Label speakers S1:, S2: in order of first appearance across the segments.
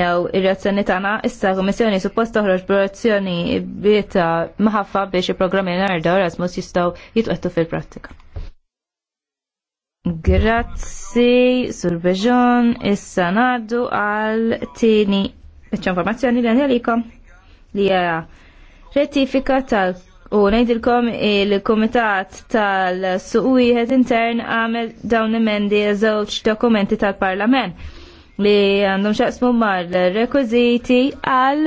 S1: jew ir-reazzjoni tagħna issa l-Kummissjoni suppost toħroġ b'reazzjoni bieta maħaffa biex il-programmi narda Erasmus jistgħu jitqettu fil-prattika. Grazzi, Sur Beġon, issa naddu għal tieni informazzjoni li għanjalikom li hija rettifika tal- u ngħidilkom il-Kumitat tal-Suq Wieħed Intern għamel dawn emendi żewġ dokumenti tal-Parlament li għandhom xaqsmu mar rekwiziti għal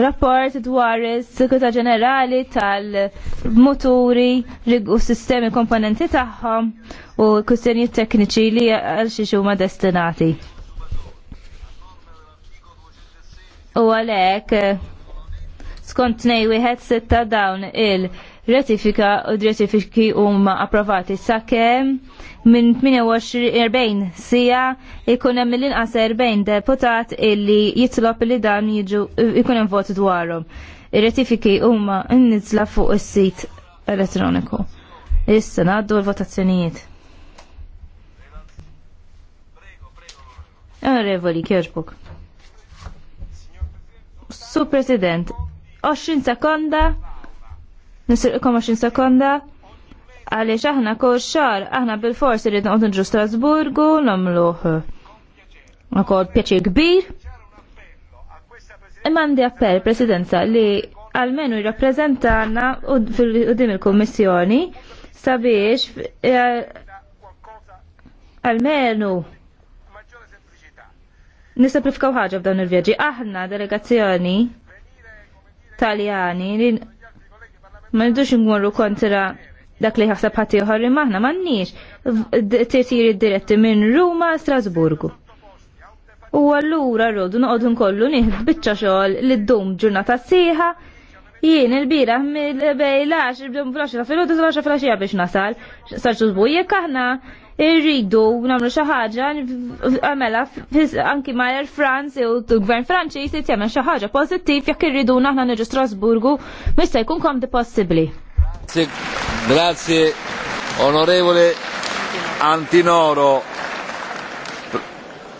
S1: rapport dwar is-Sikurità Ġenerali tal-muturi u sistemi komponenti tagħhom u kwistjonijiet tekniċi li għal xi huma destinati. U għalhekk skont nej wieħed sitta dawn il- ratifika u ratifiki huma approvati sakemm minn 48 sija ikun hemm l-inqas 40 deputat illi jitlob li dan jiġu ikun hemm vot dwarhom. Ir-ratifiki huma n-nizla fuq is-sit elettroniku. Issa ngħaddu l-votazzjonijiet. Onorevoli Kjerġbuk. Su President, 20 sekonda nisirqkom 20 sekonda għaliex aħna kol xar aħna bil-fors irrid noqgħod nġu Strasburgu nagħmluh ukoll pjaċir kbir. Imma għandi appell Presidenza li għalmenu jirrappreżentana fil-qudiem il-Kummissjoni sabiex eh, għalmenu nisimplifikaw ħaġa f'dawn il-vjaġġi. Aħna delegazzjoni Taljani li ma nidux ngorru kontra dak li ħasab ħati uħar li maħna mannix tirtiri diretti minn Ruma Strasburgu. U għallura rrodu noqogħdu nkollu nieħd biċċa xogħol li ddum ġurnata sieħa jien il-bira mill-bejlax, il-bdum flasġa fil-ħodu flasġa flasġa biex nasal, sarċu zbujek aħna irridu nagħmlu xi ħaġa għamela anki ma' Air France u l-Gvern Franċiż se jagħmel xi ħaġa pożittiv jekk irridu naħna niġu Strasburgu mista jkun di possibbli.
S2: Grazie, onorevole Antinoro.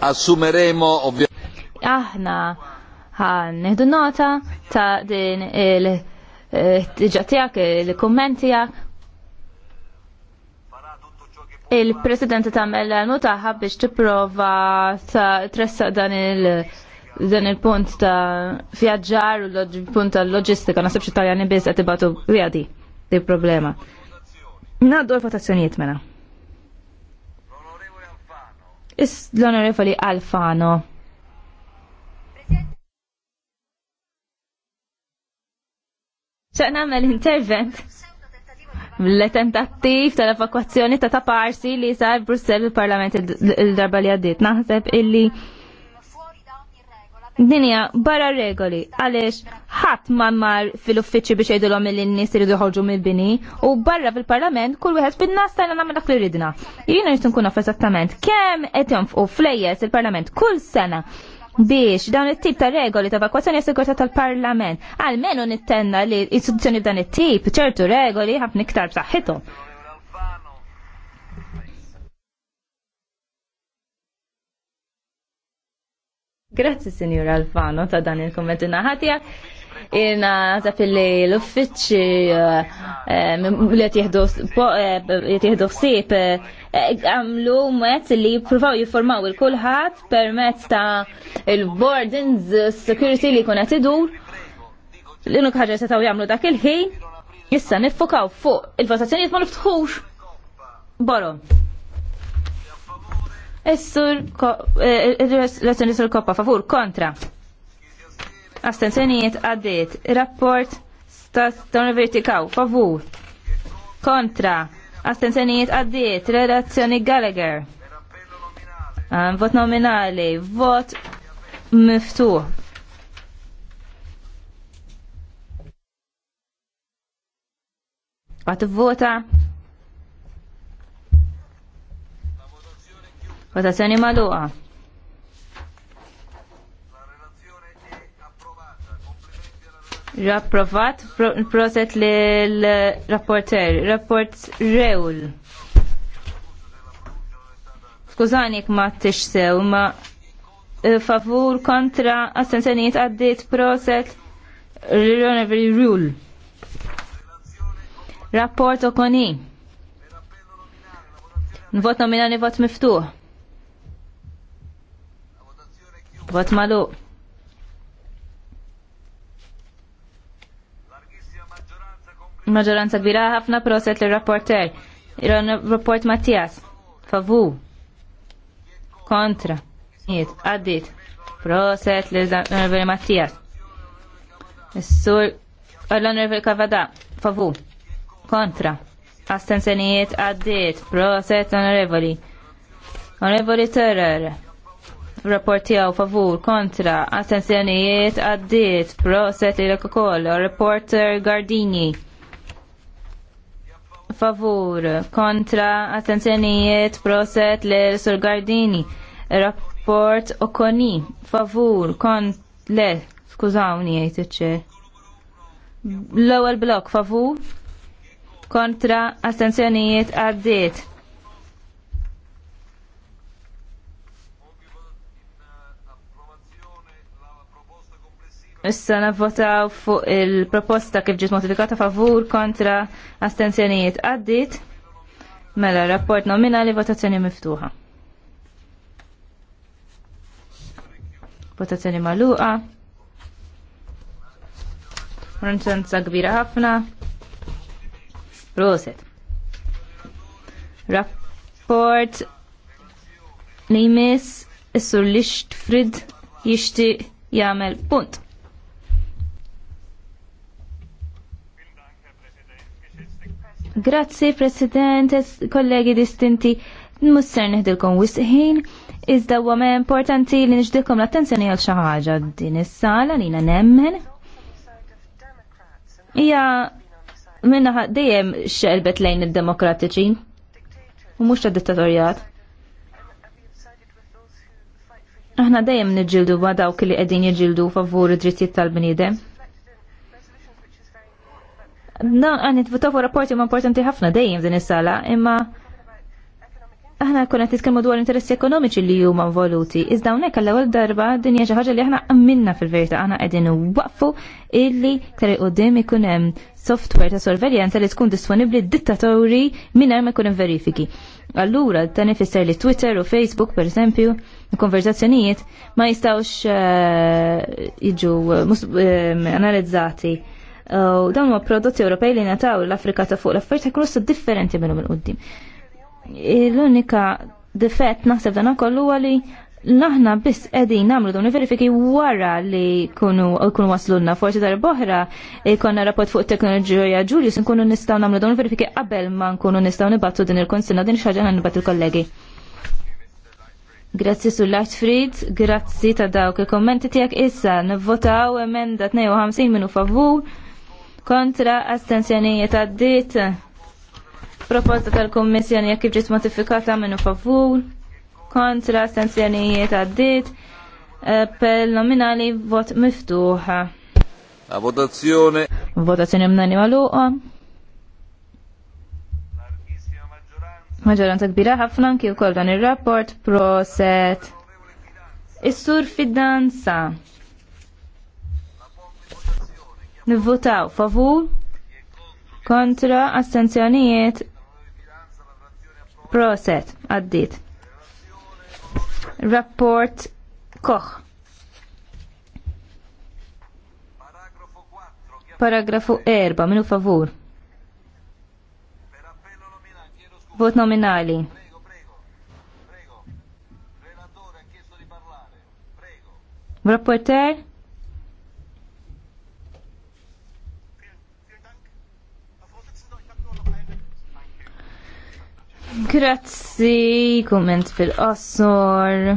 S2: Assumeremo ovviamente.
S1: Aħna ħan nota ta' din il-ġatijak, eh, il-kommentijak, il-President tagħmel l-mutaħa biex tipprova tressa dan il- dan il-punt ta' vjaġġar u l-punt ta' loġistika, nasib xi taljani biss qed ibatu għadi di problema. Naddu l-votazzjonijiet mela. Is l-onorevoli Alfano. ċaqna għamel intervent l-tentattiv tal-evakwazzjoni ta' ta' parsi li sa Brussel il-Parlament il-darba li għaddit. Naħseb illi dinja barra regoli għaliex ħadd ma mar fil-uffiċċju biex jgħidulhom li n-nies iridu joħorġu mill-bini u barra fil-Parlament kull wieħed bin nasta tajna nagħmel li ridna. Jiena nixtieq nkun naf esattament kemm qed jonfqu flejjes il-Parlament kull sena biex dawn it-tip ta' regoli ta' evakwazzjoni jessigurta tal-Parlament. Almenu nittenna li istituzzjoni f'dan it-tip ċertu regoli ħafna iktar b'saħħithom. Grazzi, Signor Alfano, ta' dan il-kommenti naħatijak. Irna taf eh, eh, li eh, l-uffiċi li tieħdu ħsieb għamlu met li provaw jiformaw il-kulħat permezz ta' il-boardings security li kuna tidur l-inu ħaġa setaw jamlu dak il-ħin jissa nifokaw fuq il-votazzjoniet ma niftħux borom. Is-sur, l-sur koppa, favur, kontra astenzjonijiet għaddiet. Rapport ta' Don Vertikaw, favur. Kontra, astenzjonijiet għaddiet. Relazzjoni Gallagher. Ehm, vot nominali, vot miftu. Għat vota. Votazzjoni maluqa. Rapprovat, proset l-rapporter, rapport Rewl. Skużani ma t sew, ma eh, favur kontra assenzjoniet għaddit proset l-Ronevri Rule. Rapport okoni. Nvot nominali vot miftuħ. Vot malu. Maġoranza kbira ħafna proset li rapporter. Iran rapport Mattias. Favu. Kontra. Jiet, għaddit. Proset li Honorable Mattias. Is-sur l-Honorable Kavada. Favu. Kontra. Astenzjonijiet għaddit. Proset Honorevoli. Onorevoli Terror. Rapport tijaw, favur, kontra, attenzjonijiet, għaddit, proset li l-kokoll, reporter Gardini favur, kontra, attenzjonijiet, proset l sur Gardini, rapport okoni, favur, kont, le, skużawni jgħid L-ewwel blok favur, kontra, attenzjonijiet, għaddiet. Issa navvotaw fuq il-proposta kif ġiet modifikata favur kontra astenzjonijiet għaddit. Mela, rapport nominali votazzjoni miftuħa. Votazzjoni maluqa. Ranċanza kbira ħafna. Proset. Rapport li jmiss is-sur li xtfrid jixtieq jagħmel punt. Grazzi, President, kollegi distinti, musser neħdilkom wisħin, iżda huwa importanti li nixdilkom l-attenzjoni għal xi ħaġa din is-sala li nemmen. Hija minna dejjem xelbet lejn id-demokratiċi u mhux tad-dittatorjat. Aħna dejjem niġġieldu ma dawk li qegħdin jiġġieldu favur id-drittijiet tal-bniedem. Na, għan nitvotaw rapporti ma importanti ħafna dejjem din is-sala, imma aħna kuna titkellmu dwar interessi ekonomiċi li huma voluti. Iżda hawnhekk għall-ewwel darba din hija xi ħaġa li aħna għamminna fil-verità aħna qegħdin waqfu illi ktar qudiem ikun hemm software ta' sorveljanza li tkun disponibbli dittatori mingħajr ma jkun hemm verifiki. Allura dan ifisser li Twitter u Facebook pereżempju konverzazzjonijiet ma jistgħux eh, jiġu eh, analizzati u dawn huwa prodotti Ewropej li nataw l-Afrika ta' fuq l-affarijiet ikunu differenti minnhom il-qudiem. L-unika difett naħseb dan ukoll huwa li naħna biss qegħdin nagħmlu dawn verifiki wara li kunu kunu waslunna forsi darba boħra ikonna rapport fuq it teknoloġija Julius nkunu nistgħu nagħmlu dawn il verifiki qabel ma nkunu nistgħu nibattu din il-konsilna din xi ħan nibattu il-kollegi. Grazzi su Lightfried, grazzi ta' dawk il-kommenti tiegħek issa nivvotaw emenda 52 minu favur kontra astensjonijiet dit Proposta tal-Kommissjoni jekk ġiet modifikata minnu favur kontra astensjonijiet dit e, per nominali vot miftuħa.
S2: La votazione. Votazione
S1: mnani maluqa. Maġoranza kbira ħafna anki wkoll dan ir-rapport proset. Is-sur fidanza nivvotaw favur kontra astenzjonijiet proset għaddit. Rapport Koch. Paragrafu 4, minu favur. Vot nominali. Rapporter? Grazzi, komment fil-qossor.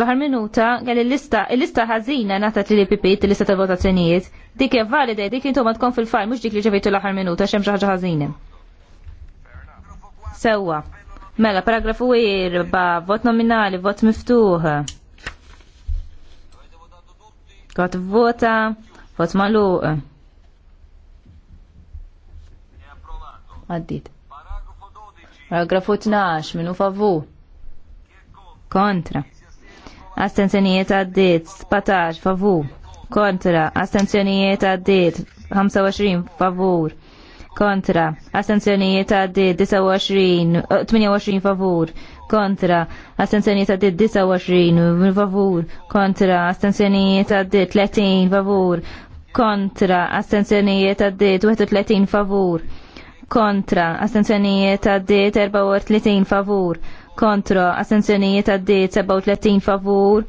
S1: L-ħar minuta, għal il-lista, il-lista ħazina natat li pipit, il-lista ta' votazzjonijiet, dik valida, dik ma tkun fil-fajl, mux dik li ġevitu l-ħar minuta, xem ħaġa ħazina. Sewa. Mela, paragrafu ba, vot nominali, vot miftuħ. Għat vota, vot maluq. għaddit. Paragrafu 12, minu favu. Kontra. Astenzjonijiet għaddit, 17, favu. Kontra. Astenzjonijiet għaddit, 25, favur. Kontra. Astenzjonijiet għaddit, 29, 28, eh, favur kontra, Astenzjonijiet għaddit, 29, favur, kontra, Astenzjonijiet għaddit, 30, favur, kontra, Astenzjonijiet għaddit, 31, favur, kontra astenzjonijiet għaddiet 34 favur kontra astenzjonijiet għaddiet 37 favur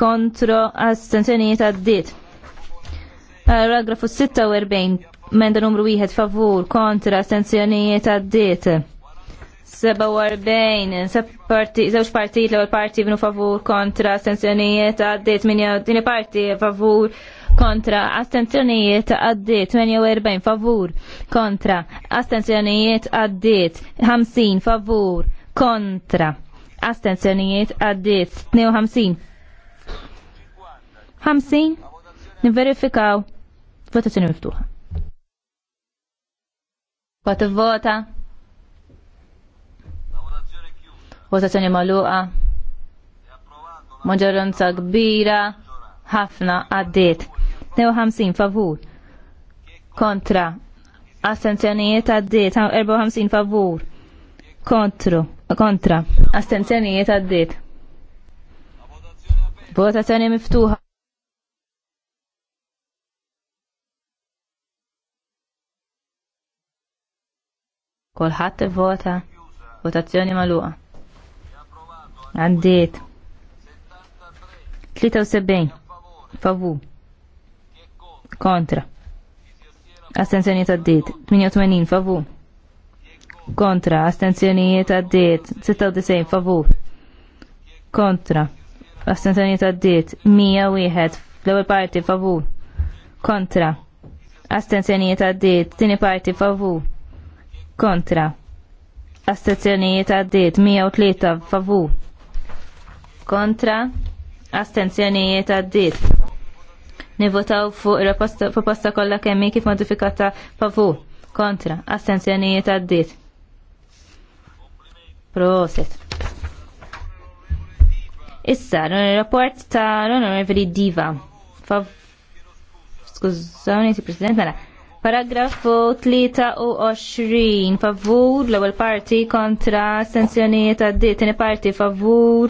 S1: kontra astenzjonijiet għaddiet. Paragrafu 46 menda numru 1 favur kontra astenzjonijiet għaddiet. 47 żewġ partijiet l-ewwel parti bnu favur kontra astenzjonijiet għaddiet minja parti favur kontra astenzjonijiet għaddit 48 favur kontra astenzjonijiet għaddit 50 favur kontra astenzjonijiet għaddit 52 50 niverifikaw votazzjoni miftuħa Vota vota Votazzjoni maluqa maġġoranza kbira ħafna għaddiet 52 favur kontra astenzjonijiet għaddiet 54 favur kontru kontra astenzjonijiet għaddit votazzjoni miftuħa kolħat vota votazzjoni maluqa għaddiet 73 favur kontra. Astenzjonijiet għaddit, 88 favur. Kontra, astenzjonijiet għaddit, 96 favur. Kontra, astenzjonijiet għaddit, 101 fl-ewwel parti favur. Kontra, astenzjonijiet għaddit, tini parti favur. Kontra, astenzjonijiet għaddit, 103 favur. Kontra, astenzjonijiet għaddit, nivotaw fuq il-proposta kollha kemm kif modifikata pavu kontra astenzjonijiet għaddiet. Proset. Issa, rapport ta' l-Onorevoli Diva. Skużawni, si President, mela. Paragrafu 23, favur l-ewwel parti kontra astenzjonijiet għaddiet, tini parti favur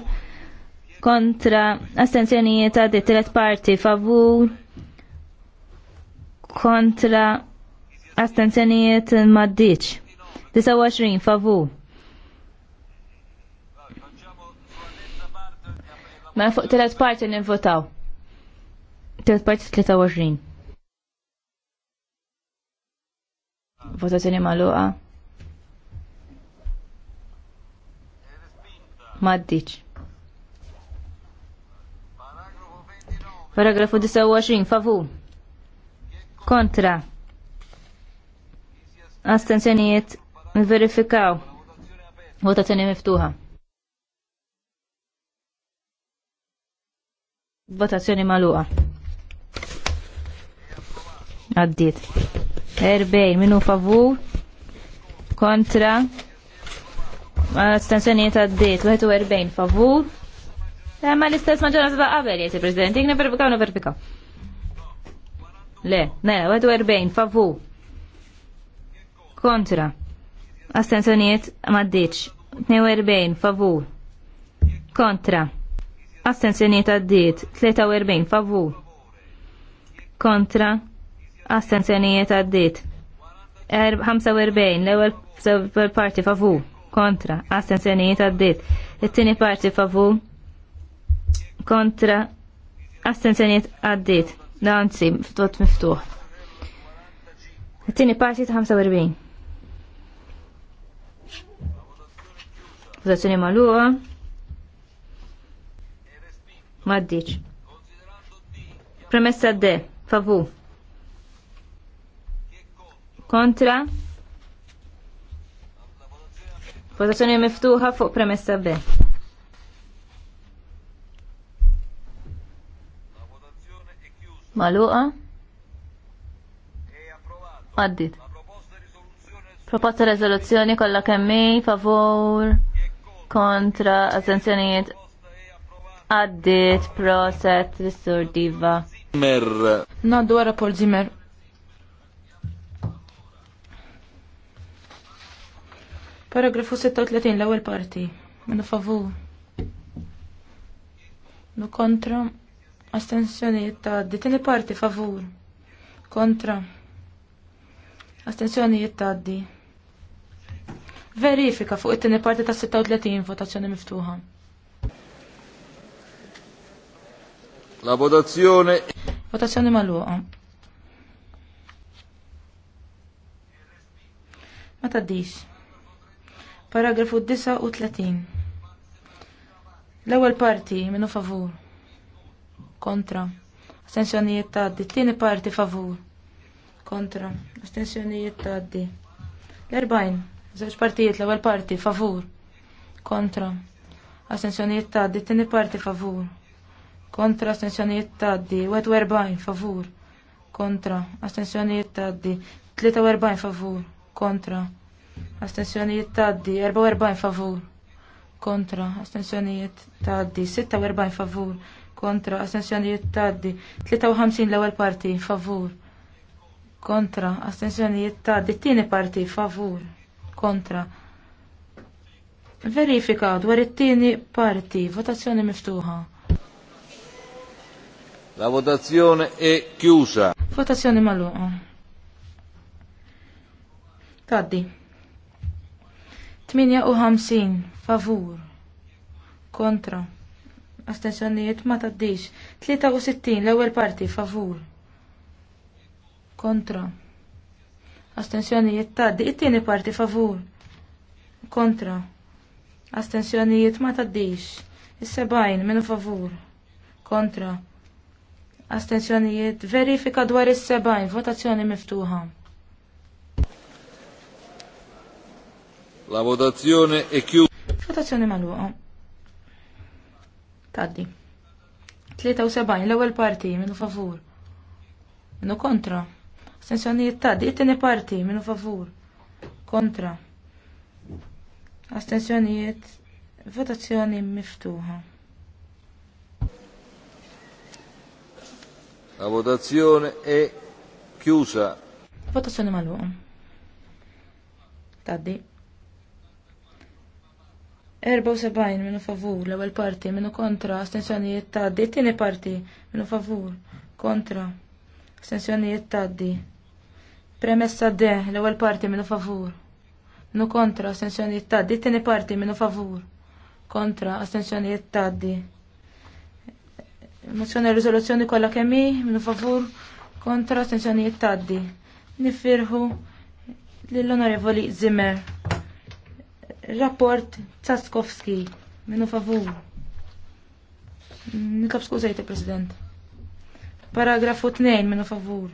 S1: kontra astenzjonijiet għaddi tret parti favur kontra astenzjonijiet maddiċ 29 favur Ma mela fuq tret parti nivvotaw. Tret parti 23. Votazzjoni maluqa. Maddiċ. Paragrafu 29, favur. Kontra. Astenzjonijiet verifikaw. Votazzjoni miftuħa. Votazzjoni maluqa. Għaddit. Erbej, minu favur. Kontra. Astenzjonijiet għaddit. 41 favur Eh, ma l-istess maġġoranza ta' qabel, jessi President, jgħna verifikaw, jgħna verifikaw. Le, ne, 41, favu. Kontra. Astenzjoniet maddiċ. 42, favu. Kontra. Astenzjoniet għaddiet. 43, favu. Kontra. Astenzjoniet għaddiet. 45, l-ewel parti favu. Kontra. Astenzjoniet għaddiet. It-tini parti favu kontra astenzjoniet għaddit. Nanzi, ftot miftuħ. Għattini parti ta' 45. Votazzjoni maluqa. Maddiċ. Premessa D. Favu. Kontra. Votazzjoni miftuħa fuq premessa B. Maluqa? Għaddit. Proposta rezoluzzjoni kollha kemmi favur kontra assenzjonijiet
S3: għaddit proset l diva. Mer. Naddu għara Paul Zimmer. Paragrafu 36 l-ewwel parti. Minu favor. Nu kontra astensjonijiet tgħaddi. Tieni parti favur kontra Astenzjoni tgħaddi. Verifika fuq it-tieni parti ta' 36 votazzjoni miftuħa.
S2: La votazzjoni.
S3: Votazzjoni maluqa. Ma taddix. Paragrafu 39. L-ewwel parti minnu favur kontra. Astensjonijiet taddi. Tieni parti favur. Kontra. Astensjonijiet taddi. l erbajn Żewġ partijiet l-ewwel parti favur. Kontra. Astensjonijiet taddi. Tieni parti favur. Kontra. Astensjonijiet taddi. werbajn favur. Kontra. Astensjonijiet taddi. werbajn favur. Kontra. Astensjonijiet taddi. werbajn favur. Kontra. Astensjonijiet taddi. werbajn favur kontra astensjonijiet taddi 53 l-ewwel parti favur kontra astensjonijiet taddi t-tieni parti favur kontra verifika dwar it-tieni parti votazzjoni miftuħa
S2: La votazzjoni è chiusa.
S3: Votazzjoni maluqa. Taddi. 58 favur kontra astensjonijiet ma taddix. 63 l-ewwel parti favur. Kontra. Astensjonijiet taddi. It-tieni parti favur. Kontra. Astensjonijiet ma taddix. is sebajn minu favur. Kontra. Astensjonijiet verifika dwar is sebajn votazzjoni miftuħa.
S2: La votazione è chiusa.
S3: Votazione maluqa. Taddi. 73 l-ewwel parti minnu favur. Minnu kontra. Astensjonijiet taddi. it parti minnu favur. Kontra. Astensjonijiet. Votazzjoni miftuħa.
S2: La votazione è chiusa.
S3: Votazione maluqa. Taddi. 74 minu favur, l-ewwel parti minu kontra, astensjonijiet taddi, it-tieni parti minu favur, kontra, astensjonijiet taddi. Premessa de l-ewwel parti minu favur, minu kontra, astensjonijiet taddi, it-tieni parti minu favur, kontra, astensjonijiet taddi. Mozzjoni e riżoluzzjoni kollha kemm minu favur, kontra, astensjonijiet taddi. Nifirħu l onorevoli Zimmer rapport Tsaskowski minu favur. Nikab skużajte, President. Paragrafu 2 minu favur.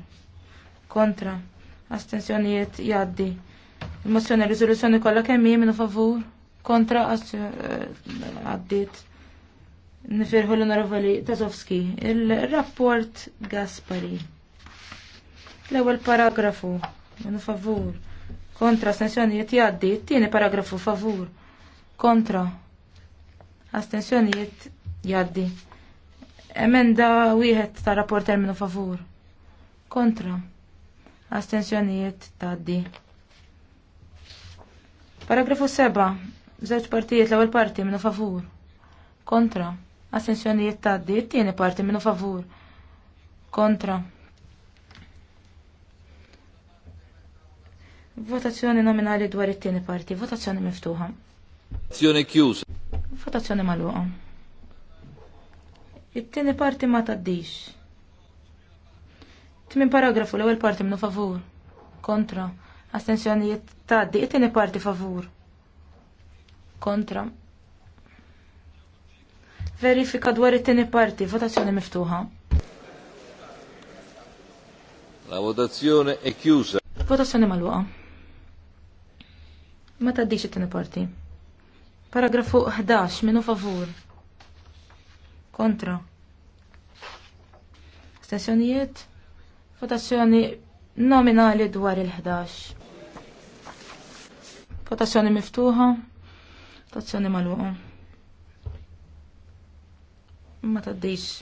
S3: Kontra. Astensjonijiet jaddi. Il-mozzjoni rizoluzjoni kollha kemm hi minu favur. Kontra eh, għaddit. Nifirħu l-onorevoli Tazowski. Il-rapport Gaspari. L-ewwel paragrafu minu favur kontra astensjonijiet jgħaddi. Tieni paragrafu favur kontra astensjonijiet jgħaddi. Emenda wieħed ta' rapport terminu favur. Kontra. Astensjonijiet tgħaddi. Paragrafu 7. Żewġ partijiet l-ewwel parti minnu favur. Kontra. Astensjonijiet tgħaddi. It-tieni parti minnu favur. Kontra. Votazzjoni nominali dwar it-tieni parti, votazzjoni miftuħa.
S2: Votazzjoni chiusa.
S3: Votazzjoni magħluqa. It-tieni parti ma taddix. Tmin paragrafu l-ewwel parti minnu favur. Kontra. Astensjonijiet taddi, it-tieni parti favur. Kontra. Verifika dwar it-tieni parti, votazzjoni miftuħa.
S2: La votazzjoni è chiusa.
S3: Votazzjoni magħluqa. Ma taddix it-tieni parti. Paragrafu 11 minu favur. Kontra. Stazzjonijiet. Votazzjoni nominali dwar il-11. Votazzjoni miftuħa. Votazzjoni magħluqa. Ma taddix.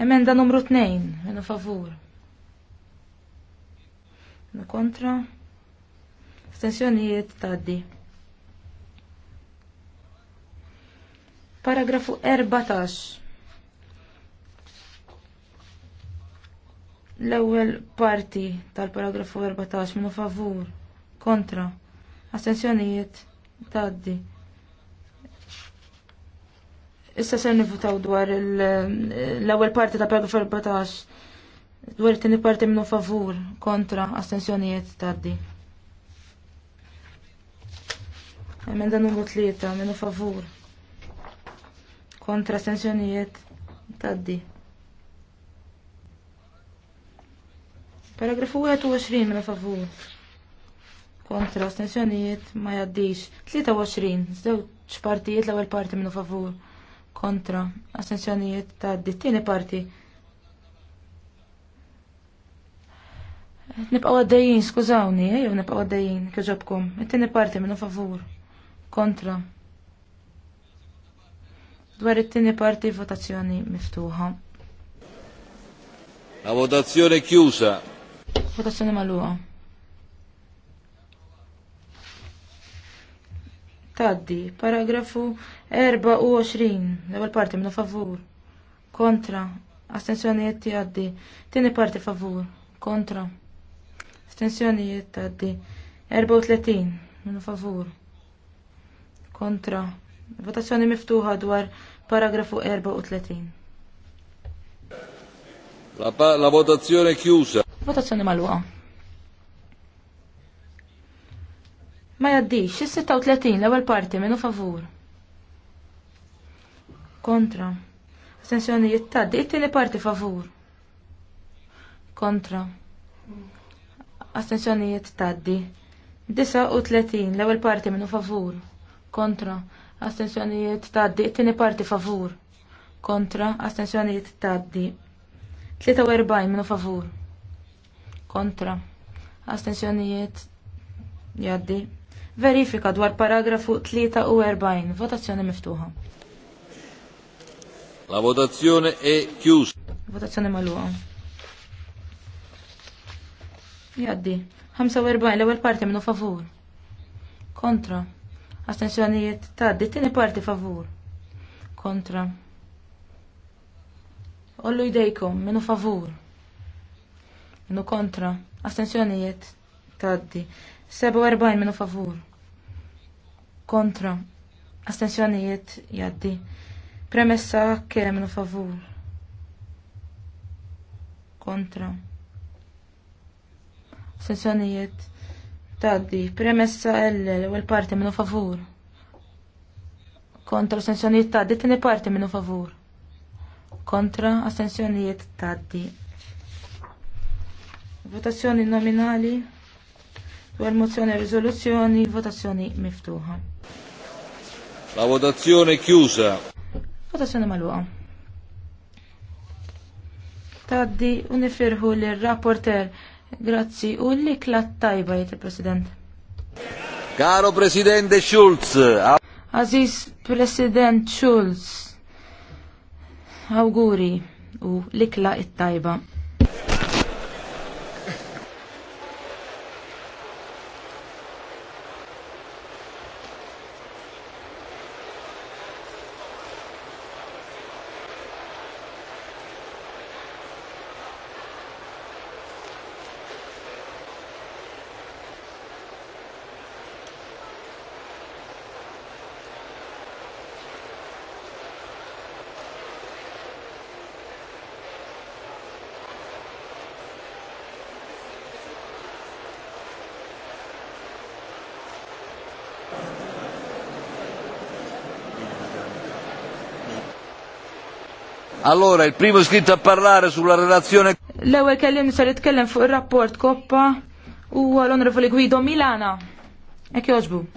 S3: Emenda numru 2 minu favur. Minu kontra. Astensjonijiet taddi. Paragrafu 14. L-ewwel parti tal-paragrafu 14 minu favur kontra astensjonijiet taddi. Issa se nivutaw dwar l-ewwel parti tal paragrafu 14 dwar it-tieni parti minnu favur kontra astensjonijiet taddi. Emenda numru tlieta minnu favur. Kontra astensjonijiet taddi. Paragrafu 21 minnu favur. Kontra astensjonijiet ma jaddix. 23, zdew partijiet l-ewwel parti minnu favur. Kontra astensjonijiet taddi. Tieni parti. Nibqaw għaddejin, skużawni, jew nibqaw għaddejjin, kħġobkom. It-tieni parti minu favur kontra. Dwar it-tieni parti votazzjoni miftuħa.
S2: La votazzjoni chiusa.
S3: Votazzjoni magħluqa. Taddi, paragrafu 24, l-ewwel parti minnu favur. Kontra, astensjonijiet għaddi. Tieni parti favur, kontra. Astensjonijiet għaddi. 34 minnu favur kontra. Votazzjoni miftuħa dwar paragrafu 34.
S2: La, pa la votazzjoni chiusa.
S3: Votazzjoni malwa. Ma jaddix, il-36 l-ewwel parti minu favur. Kontra. Astensjonijiet taddi, it-tieni parti favur. Kontra. Astensjonijiet taddi. 39 l-ewwel parti minu favur kontra astensjonijiet taddi, it-tieni parti favur kontra astensjonijiet taddi. 43 minu favur kontra astensjonijiet jaddi. Verifika dwar paragrafu 43, votazzjoni miftuħa.
S2: La votazzjoni è chiusa.
S3: Votazzjoni maluqa. Jaddi. 45 l-ewwel parti minnu favur. Kontra astensjonijiet taddi dittini parti favur kontra Ollu jdejkom, minu favur. Minu kontra. Astensjonijiet, taddi. 47 minu favur. Kontra. Astensjonijiet, jaddi. Premessa kera minu favur. Kontra. Astensjonijiet, Taddi, premessa L, l parti minnu favur. Kontra assenzjonijiet taddi, tini parti minnu favur. Kontra assenzjonijiet taddi. Votazzjoni nominali dwar mozzjoni e risoluzzjoni, votazzjoni miftuħa.
S2: La votazzjoni chiusa.
S3: Votazzjoni maluqa. Taddi unifirħu l-rapporter Grazzi, u l-ikla tajba jgħid president
S2: Caro Presidente Schulz.
S3: Aziz President Schulz. Awguri u likla ikla it-tajba.
S2: Allora, il primo iscritto a parlare sulla relazione...
S3: l Kellen kellim sar fuq il-rapport koppa u l-onorevoli Guido Milana. Ek joġbu.